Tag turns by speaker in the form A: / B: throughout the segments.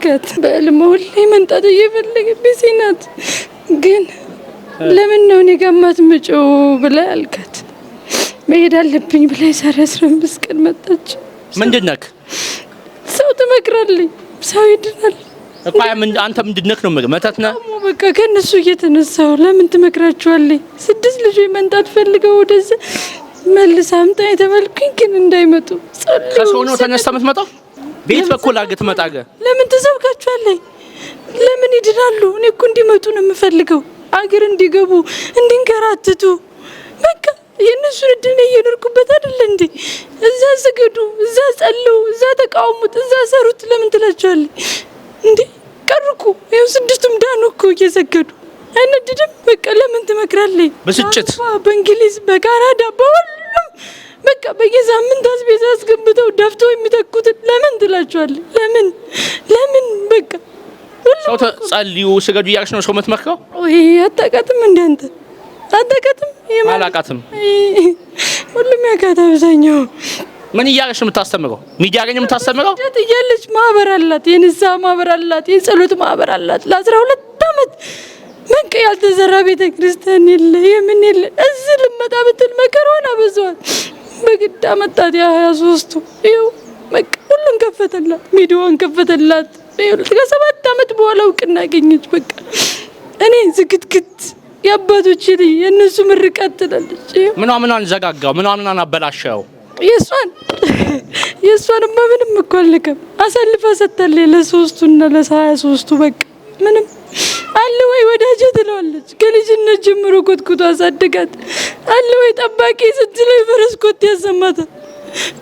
A: ስመልከት በህልም ሁሌ መምጣት እየፈለገብኝ ሲናት ግን ለምን ነው እኔ ጋር የማትመጪው ብላ አልካት። መሄድ አለብኝ ብላ የዛሬ አስራ አምስት ቀን መጣች። ምንድን ነክ ሰው ትመክራለኝ፣ ሰው ይድናል
B: እኮ አንተ ምንድን ነክ ነው መተት
A: በቃ ከእነሱ እየተነሳው ለምን ትመክራችኋለኝ? ስድስት ልጆ መንጣት ፈልገው ወደዚያ መልስ አምጣ የተባልኩኝ ግን እንዳይመጡ
B: ከሰው ነው ተነስታ የምትመጣው ቤት በኩል አግት መጣገ
A: ለምን ትሰብካችኋለኝ? ለምን ይድናሉ? እኔ እኮ እንዲመጡ ነው የምፈልገው፣ አገር እንዲገቡ እንዲንከራትቱ። በቃ የእነሱን እድል እየኖርኩበት አይደለ እንዴ? እዛ ስገዱ፣ እዛ ጸልዩ፣ እዛ ተቃውሙት፣ እዛ ሰሩት። ለምን ትላችኋለኝ እንዴ? ቀርኩ ይኸው ስድስቱም ዳኑ እኮ እየሰገዱ አይነድድም። በቃ ለምን ትመክራለ ብስጭት በእንግሊዝ በካናዳ በሁሉ በቃ በየሳምንት አስቤዛ አስገብተው ደፍቶ የሚተኩትን ለምን ትላቸዋለህ? ለምን ለምን በቃ
B: ሰው ተጸልዩ ስገዱ እያልሽ ነው ሰው የምትመክረው?
A: ወይ አታውቃትም፣ እንደ አንተ አታውቃትም። አላውቃትም። ሁሉም ያውቃት አብዛኛው።
B: ምን እያለች ነው የምታስተምረው? ሚዲያ ገኝ የምታስተምረው
A: እያለች ማህበር አላት፣ የንሳ ማህበር አላት፣ የጸሎት ማህበር አላት። ለአስራ ሁለት ዓመት በቃ ያልተዘራ ቤተ ክርስቲያን የለ፣ የምን የለ። እዚህ ልመጣ ብትል መከራዋን አበዛዋል። በግድ አመጣት። የሀያ ሶስቱ ይኸው በቃ ሁሉን ከፈተላት፣ ሚዲያውን ከፈተላት። ከሰባት አመት በኋላ እውቅና ያገኘች። በቃ እኔ ዝግትግት የአባቶች ልጅ የእነሱ ምርቃት ትላለች።
B: ምኗ ምኗን ዘጋጋው? ምኗ ምኗን አበላሸው?
A: የእሷን ማ ምንም እኮ አልነካም። አሳልፋ ሰጥታለች ለሶስቱና ለሀያ ሶስቱ በቃ ምንም አለ ወይ ወዳጅ ትለዋለች። ከልጅነት ጀምሮ ኮትኩቶ አሳደጋት። አለ ወይ ጠባቂ ስትለው የፈረስ ኮቴ ያሰማታል።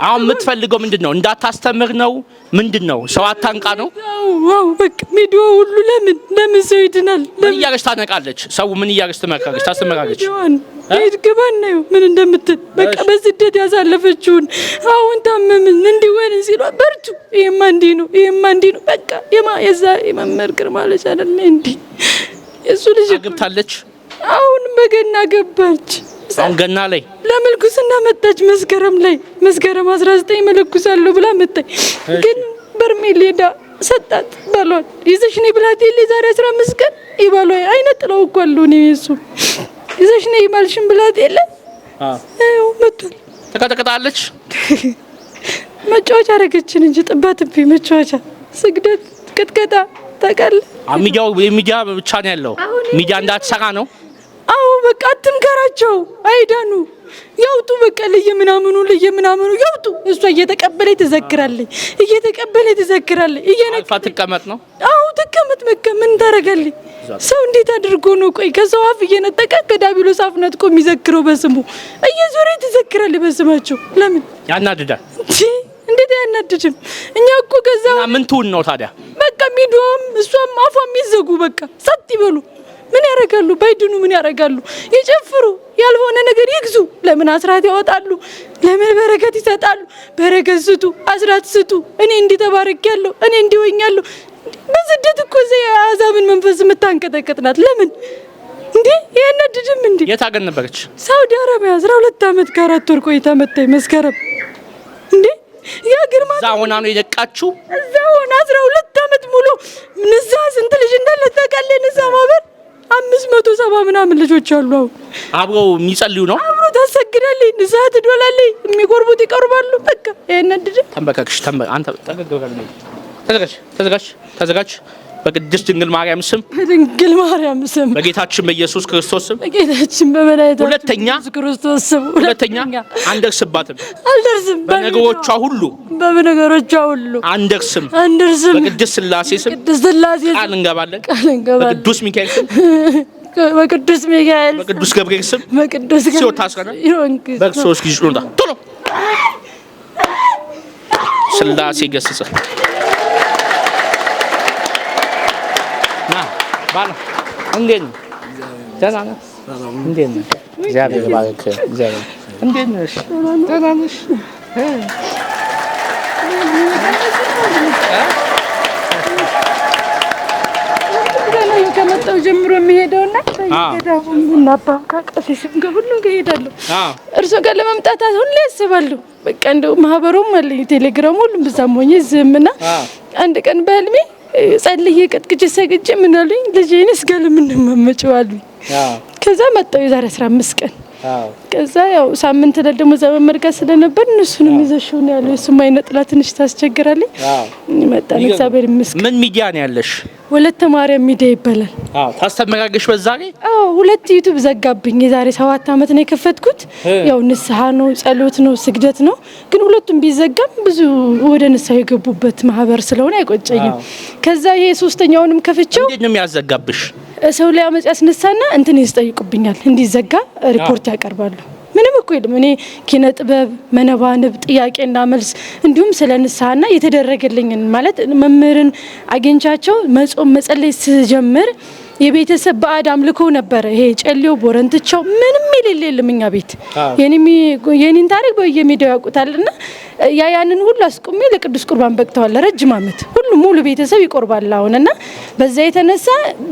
B: አሁን የምትፈልገው ምንድን ነው? እንዳታስተምር ነው ምንድን ነው ሰው አታንቃ ነው
A: ዋው በቃ ሚዲያ ሁሉ ለምን ለምን ሰው ይድናል?
B: ለምን እያለች ታነቃለች? ሰው ምን እያለች ትመካለች? ታስተመካለች?
A: ሄድ ግባ እናየው ምን እንደምትል በቃ በስደት ያሳለፈችውን አሁን ታመምን እንዲህ ወይን ሲሏ በርቱ፣ ይሄማ እንዲህ ነው፣ ይሄማ እንዲህ ነው። በቃ የማ የዛ የመመር ግርማ አለች አይደል እንዲህ የእሱ ልጅ አግብታለች። አሁን በገና ገባች። አሁን ገና ላይ ለምልኩስና መጣች። መስከረም ላይ መስከረም 19 መለኩሳለሁ ብላ መጣች። ግን በርሜል ሄዳ ሰጣት። ባሏል ይዘሽ ነይ ብላት የለ ዛሬ 15 ቀን ይባሏ አይነ ጥለው እኮ አሉ ነው እሱ ይዘሽ ነይ ይባልሽን ብላት የለ አዎ መጥቷል።
B: ተቀጠቅጣለች።
A: መጫወቻ አረገችን እንጂ ጥባት ቢ መጫወቻ ስግደት ቅጥቀጣ ታውቃለህ።
B: ሚዲያው ሚዲያ ብቻ ነው ያለው። ሚዲያ እንዳትሰራ ነው
A: በቃ አትምከራቸው፣ አይዳኑ ያውጡ። በቃ ለየምናምኑ ለየምናምኑ ያውጡ። እሷ እየተቀበለ ትዘክራለች፣ እየተቀበለ ትዘክራለች።
B: እየነቃ ትቀመጥ ነው።
A: አዎ ትቀመጥ። በቃ ምን ታደርጋለች? ሰው እንዴት አድርጎ ነው ቆይ ከሰው አፍ እየነጠቀ ከዳቢሎስ አፍ ነጥቆ የሚዘክረው? በስሙ እየዞረ ትዘክራለች በስማቸው። ለምን ያናድዳል? እንዴት አያናድድም? እኛ እኮ ገዛ
B: ምን ትውን ነው ታዲያ።
A: በቃ ሚዲያውም እሷም አፏም ይዘጉ፣ በቃ ሰጥ ይበሉ። ምን ያደርጋሉ? ባይድኑ ምን ያደርጋሉ? ይጨፍሩ፣ ያልሆነ ነገር ይግዙ። ለምን አስራት ያወጣሉ? ለምን በረከት ይሰጣሉ? በረከት ስጡ፣ አስራት ስጡ። እኔ እንዲህ ተባርኬያለሁ፣ እኔ እንዲህ ሆኛለሁ። በስደት እኮ እዚህ የአሕዛብን መንፈስ የምታንቀጠቀጥ ናት። ለምን እንዴ ያነድድም እንዴ?
B: የት አገር ነበረች?
A: ሳውዲ አረቢያ። አስራ ሁለት ዓመት ከአራት ወር ቆይታ መጣች መስከረም እንዴ ያ ግርማ እዛ
B: ሆና ነው የደቃችው።
A: እዛ ሆና አስራ ሁለት ዓመት ሙሉ ንዛ ስንትል ሰባ ምናምን ልጆች አሉ። አሁን
B: አብረው የሚጸልዩ ነው።
A: አብሮ ታሰግዳለች፣ ንስሐ ትዶላለች፣ የሚጎርቡት ይቀርባሉ። በቃ ይሄን እንድድ
B: ተንበረክሽ አንተ ተዘጋጅ ተዘጋጅ ተዘጋጅ። በቅድስት ድንግል ማርያም ስም
A: ድንግል ማርያም ስም
B: በጌታችን በኢየሱስ ክርስቶስ ስም
A: በጌታችን በመድኃኒታችን
B: ሁለተኛ ኢየሱስ
A: ክርስቶስ ስም
B: ሁለተኛ አንደርስባትም አልደርስም። በነገሮቿ ሁሉ
A: በነገሮቿ ሁሉ አንደርስም አንደርስም።
B: በቅድስት ስላሴ ስም
A: ቅድስት ስላሴ
B: ቃል እንገባለን
A: ቃል እንገባለን።
B: በቅዱስ ሚካኤል ስም
A: በቅዱስ ሚካኤል
B: በቅዱስ ገብርኤል ስም በቅዱስ ሶስት ጊዜ ጮህ ቶሎ ስላሴ ገስጸ እንዴት ነው? ደህና ነህ? እንዴት ነህ? እግዚአብሔር ይባርክ። እግዚአብሔር እንዴት ነሽ? ደህና ነሽ?
A: ከመጣው ጀምሮ የሚሄደውና ከሄዳው ቡና አባካ ቀሲስም ጋር ሁሉም ጋር እሄዳለሁ። እርሶ ጋር ለመምጣት ሁሌ አስባለሁ። በቃ እንደው ማህበሩም አለኝ ቴሌግራሙ፣ ሁሉም ብዛም ሆኜ ዝምና አንድ ቀን በህልሜ ጸልዬ ቅጥቅጭ ሰግጭ ምናሉኝ ልጅ ልጄን እስጋ ለምን ከዛ መጣሁ የዛሬ 15 ቀን ከዛ ያው ሳምንት ዕለት ደግሞ ዘመድ ጋር ስለነበር እነሱንም ይዘሽው ነው ያለው። የሱም አይነ ጥላ ትንሽ ታስቸግራለች። መጣን። እግዚአብሔር ይመስገን።
B: ምን ሚዲያ ነው ያለሽ?
A: ወለተ ማርያም ሚዲያ ይባላል።
B: አዎ ታስተመጋገሽ በዛ ላይ
A: አዎ። ሁለት ዩቲዩብ ዘጋብኝ። የዛሬ ሰባት አመት ነው የከፈትኩት። ያው ንስሐ ነው፣ ጸሎት ነው፣ ስግደት ነው። ግን ሁለቱም ቢዘጋም ብዙ ወደ ንስሐ የገቡበት ማህበር ስለሆነ አይቆጨኝም። ከዛ ይሄ ሶስተኛውንም ከፍቼው
B: እንዴት ነው የሚያዘጋብሽ?
A: ሰው ላይ አመጽ ያስነሳና እንትን ይስጠይቁብኛል፣ እንዲዘጋ ሪፖርት ያቀርባሉ። ምንም እኮ የለም። እኔ ኪነ ጥበብ መነባንብ፣ ጥያቄና መልስ እንዲሁም ስለ ንስሐና የተደረገልኝን ማለት መምህርን አግኝቻቸው መጾም መጸለይ ስጀምር የቤተሰብ ባዕድ አምልኮ ነበረ። ይሄ ጨሌው ቦረንትቻው ምንም የሌለ የለም እኛ ቤት። የኔን ታሪክ በየሚዲያው ያውቁታል። እና ያ ያንን ሁሉ አስቁሜ ለቅዱስ ቁርባን በቅተዋል። ረጅም ዓመት ሁሉ ሙሉ ቤተሰብ ይቆርባል አሁን እና በዛ የተነሳ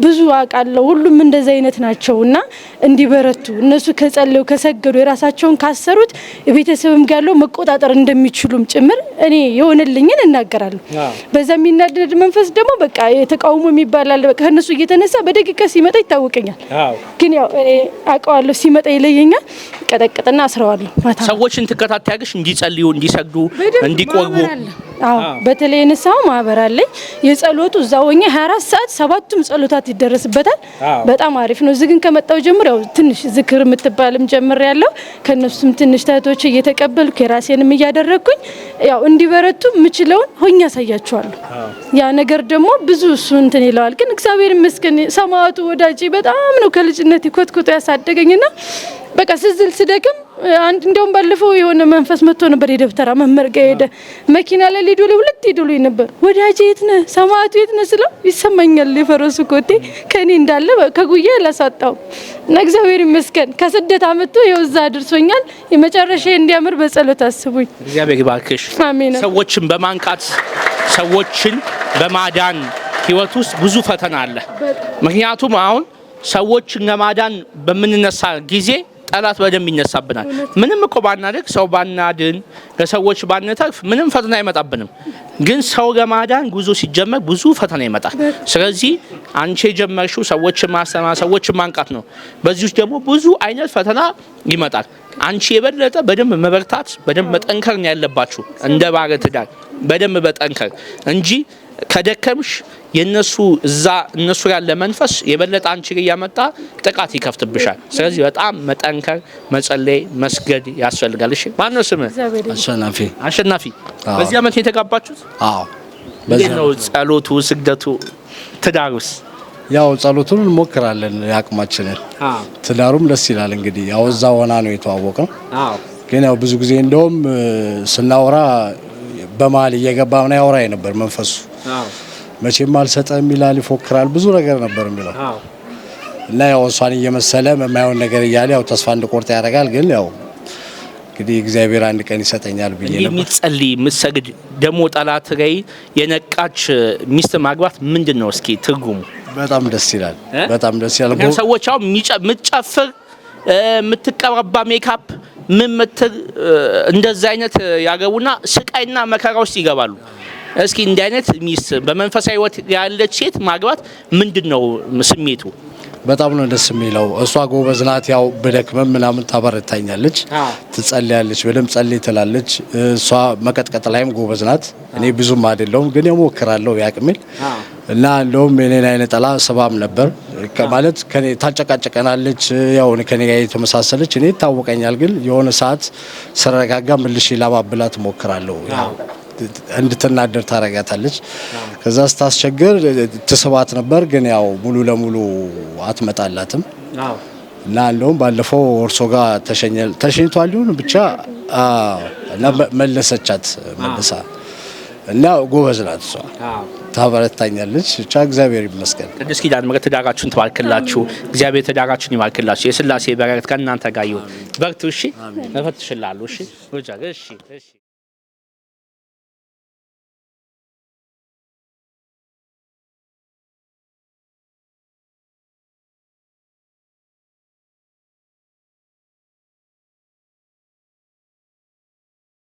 A: ብዙ አውቃለሁ። ሁሉም እንደዚ አይነት ናቸው እና እንዲበረቱ እነሱ ከጸለዩ ከሰገዱ የራሳቸውን ካሰሩት ቤተሰብም ጋር ያለው መቆጣጠር እንደሚችሉም ጭምር እኔ የሆነልኝን እናገራለሁ። በዛ የሚናደድ መንፈስ ደግሞ በቃ የተቃውሞ የሚባላል በቃ ከእነሱ እየተነሳ በደቂቃ ሲመጣ ይታወቀኛል። ግን ያው አውቀዋለሁ ሲመጣ ይለየኛል። ቀጠቅጥና አስረዋለሁ።
B: ሰዎችን ትከታተያለሽ እንዲጸልዩ፣ እንዲሰግዱ፣ እንዲቆርቡ
A: አዎ በተለይ የንስሐው ማህበር አለኝ። የጸሎቱ እዛ ሆኜ 24 ሰዓት ሰባቱም ጸሎታት ይደረስበታል። በጣም አሪፍ ነው። እዚህ ግን ከመጣው ጀምሮ ያው ትንሽ ዝክር የምትባልም ጀምር ያለው ከነሱም ትንሽ ተህቶች እየተቀበልኩ የራሴንም እያደረግኩኝ ያው እንዲበረቱ የምችለውን ሆኜ ያሳያቸዋለሁ። ያ ነገር ደግሞ ብዙ እሱ እንትን ይለዋል። ግን እግዚአብሔር ይመስገን ሰማዕቱ ወዳጄ በጣም ነው ከልጅነት ኮትኩቶ ያሳደገኝና በቃ ስዝል ስደክም አንድ እንደውም ባለፈው የሆነ መንፈስ መጥቶ ነበር። የደብተራ መምህር ጋር ሄደ መኪና ላይ ሊዶ ላይ ሁለት ሄዶ ላይ ነበር። ወዳጅ የት ነህ ሰማዕቱ የት ነህ ስለው ይሰማኛል የፈረሱ ኮቴ ከኔ እንዳለ ከጉያ አላሳጣው እና እግዚአብሔር ይመስገን ከስደት አመቶ የውዛ አድርሶኛል። የመጨረሻ እንዲያምር በጸሎት አስቡኝ።
B: እግዚአብሔር ባክሽ አሜን። ሰዎችን በማንቃት ሰዎችን በማዳን ህይወት ውስጥ ብዙ ፈተና አለ። ምክንያቱም አሁን ሰዎችን ለማዳን በምንነሳ ጊዜ ጠላት በደንብ ይነሳብናል። ምንም እኮ ባናደግ ሰው ባናድን ለሰዎች ባንተርፍ ምንም ፈተና አይመጣብንም። ግን ሰው ለማዳን ጉዞ ሲጀመር ብዙ ፈተና ይመጣል። ስለዚህ አንቺ የጀመርሽው ሰዎችን ማስተማር፣ ሰዎችን ማንቃት ነው። በዚህ ውስጥ ደግሞ ብዙ አይነት ፈተና ይመጣል። አንቺ የበለጠ በደንብ መበርታት፣ በደንብ መጠንከር ነው ያለባችሁ እንደ ባለ ትዳር በደንብ በጠንከር እንጂ ከደከምሽ የነሱ እዛ እነሱ ጋር ለመንፈስ የበለጠ አንቺ ላይ ያመጣ ጥቃት ይከፍትብሻል። ስለዚህ በጣም መጠንከር፣ መጸለይ፣ መስገድ ያስፈልጋል። እሺ ማን ነው ስም? አሸናፊ አሸናፊ። በዚህ አመት የተጋባችሁት? አዎ። በዚህ ነው ጸሎቱ፣ ስግደቱ፣ ትዳሩስ?
C: ያው ጸሎቱን እንሞክራለን ያቅማችንን። ትዳሩም ደስ ይላል። እንግዲህ ያው እዛ ሆና ነው የተዋወቅነው። ግን ያው ብዙ ጊዜ እንደውም ስናወራ በመሀል እየገባ ምናምን ያወራ ነበር መንፈሱ መቼም አልሰጠም ይላል፣ ይፎክራል፣ ብዙ ነገር ነበር የሚለው እና ያው እሷን እየመሰለ የማይሆን ነገር እያለ ያው ተስፋ እንድቆርጥ ያደርጋል። ግን ያው እንግዲህ እግዚአብሔር አንድ ቀን ይሰጠኛል ብዬ ነበር።
B: የሚጸልይ ምሰግድ ደግሞ ጠላት ላይ የነቃች ሚስት ማግባት ምንድን ነው? እስኪ ትርጉሙ
C: በጣም ደስ ይላል። በጣም ደስ ይላል።
B: ሰዎች አሁን የምትጨፍር የምትቀባባ ሜካፕ ምን ምትል እንደዛ አይነት ያገቡና ስቃይና መከራ ውስጥ ይገባሉ። እስኪ እንዲህ አይነት ሚስት በመንፈሳዊ ህይወት ያለች ሴት ማግባት ምንድን ነው ስሜቱ?
C: በጣም ነው ደስ የሚለው። እሷ ጎበዝ ናት። ያው ብደክመም ምናምን ታበረታኛለች፣ ትጸልያለች፣ በደምብ ጸልይ ትላለች። እሷ መቀጥቀጥ ላይም ጎበዝ ናት። እኔ ብዙም አይደለሁም፣ ግን እሞክራለሁ ያቅሜን እና እንደውም የኔን አይነ ጠላ ስባም ነበር ማለት ከኔ ታጨቃጨቀናለች። ያው ከኔ ጋር የተመሳሰለች እኔ ይታወቀኛል፣ ግን የሆነ ሰዓት ስረጋጋ ምልሽ ላባብላት ሞክራለሁ። ያው እንድትናደር ታረጋታለች። ከዛ ስታስቸግር ትስባት ነበር፣ ግን ያው ሙሉ ለሙሉ አትመጣላትም እና እንደውም ባለፈው እርሶ ጋር ተሸኝቷል ሊሆን ብቻ እና መለሰቻት መልሳ እና ጎበዝ ናት እሷ ታበረታኛለች። ብቻ እግዚአብሔር ይመስገን።
B: ቅዱስ ኪዳን ምረት ትዳራችሁን ትባርክላችሁ፣ እግዚአብሔር ትዳራችሁን ይባርክላችሁ። የስላሴ በረከት ከእናንተ ጋር ይሁን። በርቱ። እሺ መፈትሽላሉ። እሺ እሺ እሺ